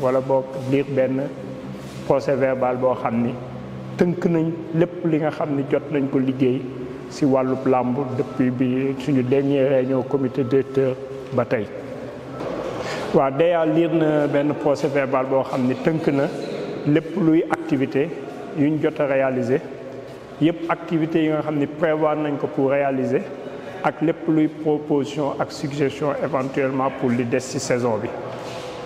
wala bok liir ben procès verbal bo xamni teunk nañ lepp li nga xamni jot nañ ko liggéey si walu lamb depuis bi suñu dernière réunion comité directeur ba tey waaw DEA liir na benn procès verbal bo xamni teunk na lepp luy activité yuñ jot réaliser yëpp activité yi nga xamni prévoir nañ ko pour réaliser ak lepp luy proposition ak suggestion éventuellement pour li des saison bi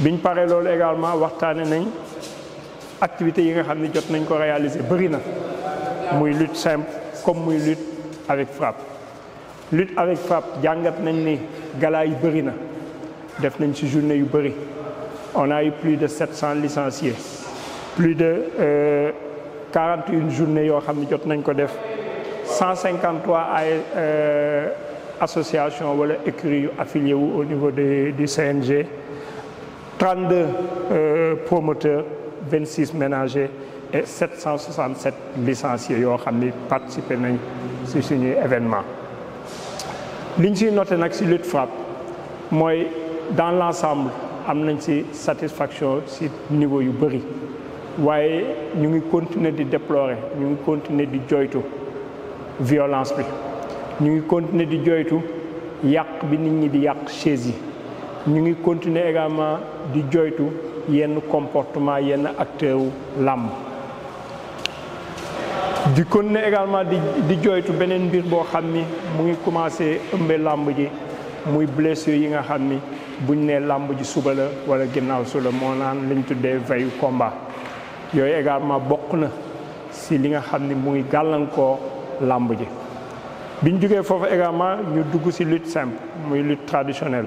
biñ paré également waxtaane nañ activités yi nga xamni jot nañ ko réaliser bari na muy lutte simple comme muy lutte avec frappe lutte avec frappe jangat nañ ni gala yi bari na def nañ journée yu on a eu plus de 700 licenciés plus de 41 euh, journées yo xamni jot nañ 153 euh, associations association wala affiliées au niveau du CNG 32 euh, promoteurs 26 ménagers et 767 licenciés yoo xam ni participer nañ ci suñuy événement li ñu ciy noté nag si lutte frappe mooy dans l'ensemble am nañ ci satisfaction si niveau yu bëri waaye ñu ngi continuer di déplorer ñu ngi continuer di joytu violence bi ñu ngi continuer di joytu yàq bi nit ñi di yàq chaise yi ñu ngi continuer également di joytu yenn comportement yenn acteurs làmb di continuer également di di joytu beneen mbir boo xam ni mu ngi commencé ëmbe làmb ji muy blessure yi nga xam ni buñ ne làmb ji suba la wala ginnaaw su la moo naan lañ tuddee veille komba yooyu également bokk na si li nga xam ni mu ngi gàllankoor làmb ji biñ jógee foofu également ñu dugg si lutte simple muy lutte traditionnelle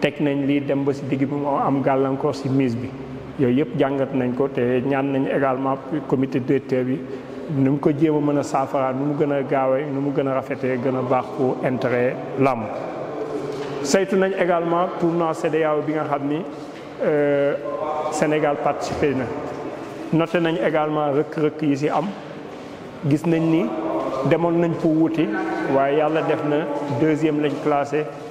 teg nañ lii dem ba si digg bi moo am gàllankoor si mise bi yooyu yëpp jàngat nañ ko te ñaan nañu également comité directeur bi nu mu ko jéem a mën a saafara nu mu gën a gaawee nu mu gën a rafetee gën a baax pour intérêt làmb saytu nañ également tournoi CEDEAO bi nga xam ni euh, Sénégal participé na noté nañ également rëkk-rëkk yi si am gis nañ ni demoon nañ pour wuti waaye yàlla def na deuxième lañ classé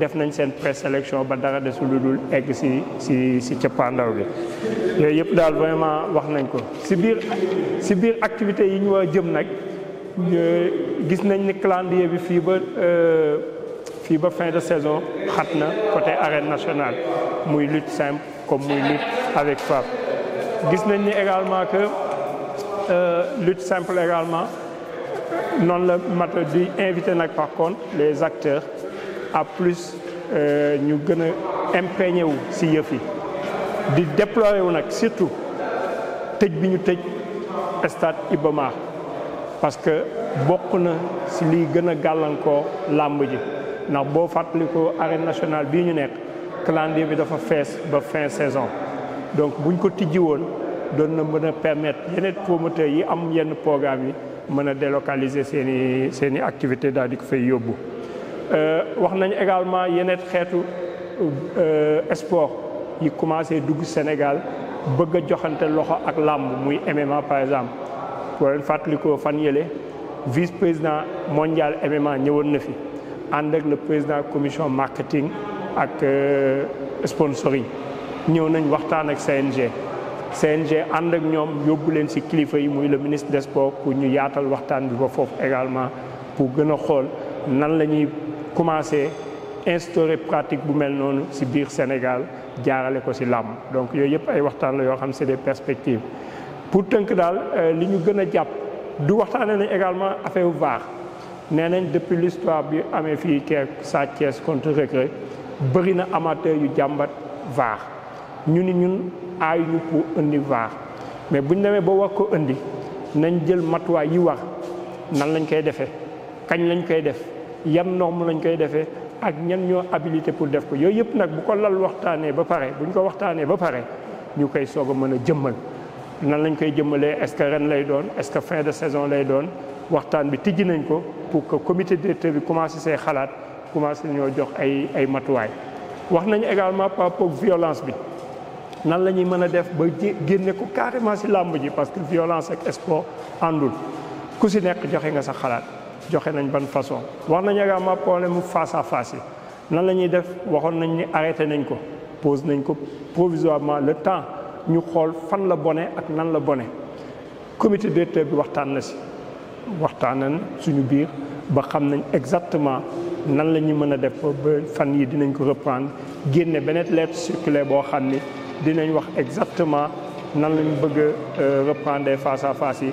def nañ seen présélection ba dara egg si si bi vraiment wax nañ ko yi ñu jëm gis nañ ni bi euh, fin de saison xat côté arène nationale muy lutte simple comme muy avec gis également que euh, lutte simple également noonu la invité par contre les acteurs à plus euh, ñu gën impégné imprégné wu si yëf yi di déploré wu nag surtout tëj bi ñu tëj stade Iba parce que bokk na si liy gën a gàllankoor làmb ji ndax boo fàttalikoo arène nationale bii ñu nekk calendrier bi dafa fees ba fin saison donc buñ ko tijji woon doon na mën permettre yeneen promoteur yi am yenn programme yi mën délocaliser seen i seen i activité daal di ko fay yóbbu euh, wax nañ également yeneen xeetu euh, sport yi commencé dugg Sénégal bëgg a joxante loxo ak làmb muy MMA par exemple Pour leen fàttalikoo fan yële vice président mondial MMA ñëwoon na fi ànd ak le président commission marketing ak euh, sponsoring ñëw nañ waxtaan ak CNG. CNG ànd ak ñoom yóbbu leen ci kilifa yi muy le ministre des sports pour ñu yaatal waxtaan bi ba foofu également pour gën a xool nan la ñuy commencé instaurer pratique bu mel noonu si Bir Sénégal jaarale ko si làmb donc yooyu yëpp ay waxtaan la yoo xam c'est des perspectives pour tënk daal euh, li ñu gën a jàpp du waxtaanee nañ également affaire VAR nee nañ depuis l'histoire bi amee fii keek Sa Thiès contre Reug Reug na amateur yu jàmbat VAR ñu ni ñun aay ñu pour indi VAR mais buñ demee ba wax ko indi nañ jël matuwaay yi war nan lañ koy defee kañ lañ koy def yan norme lañ koy defee ak ñan ñoo habilité pour def ko yooyu yëpp nag bu ko lal waxtaanee ba pare bu ñu ko waxtaanee ba pare ñu koy soog a mën a jëmmal nan lañ koy jëmmalee est-ce que ren lay doon est-ce que fin de saison lay doon waxtaan bi tijji nañ ko pour que comité directeur bi commencé see xalaat commencé ñoo jox ay ay matuwaay. wax nañu également par rapport violence bi nan la ñuy mën a def ba génne ku carrément si làmb ji parce que violence ak sport àndul ku ci joxe nga sa xalaat. joxe nañ ban façon wax nañ nga ma problème face à face nan lañuy def waxon nañ ni arrêté nañ ko pose nañ ko provisoirement le temps ñu xol fan la bonné ak nan la bonné comité directeur bi waxtaan na ci waxtaan nañ suñu biir ba xam nañ exactement nan la mëna def ba fan yi dinañ ko reprendre génné benet lettre circulaire bo xamni dinañ wax exactement nan lañ bëgg euh, reprendre face à face yi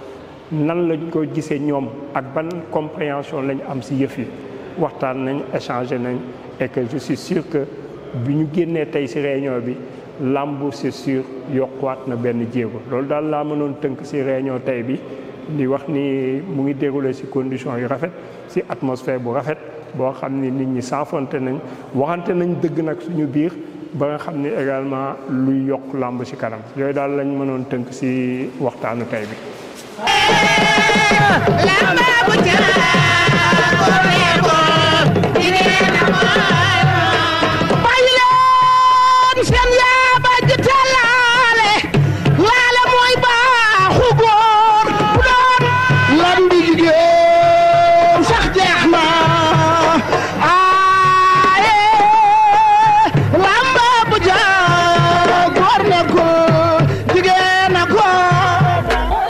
nan lañ ko gisé ñom ak ban compréhension lañ am ci yëf yi waxtaan nañ échanger nañ et que je suis sûr que biñu ñu tay ci réunion bi làmbu c'est sûr yokkuwaat na ben jéego loolu dal la mënon teunk ci réunion tay bi di wax ni mu ngi déroulé ci condition yu rafet ci atmosphère bu rafet bo xamni nit ñi safonté nañ waxante nañ dëgg nak suñu biir ba nga xamni également luy yokk lamb ci karam yooyu dal lañ mënon teunk ci waxtaanu tay bi Lama buja, boleh bol, ini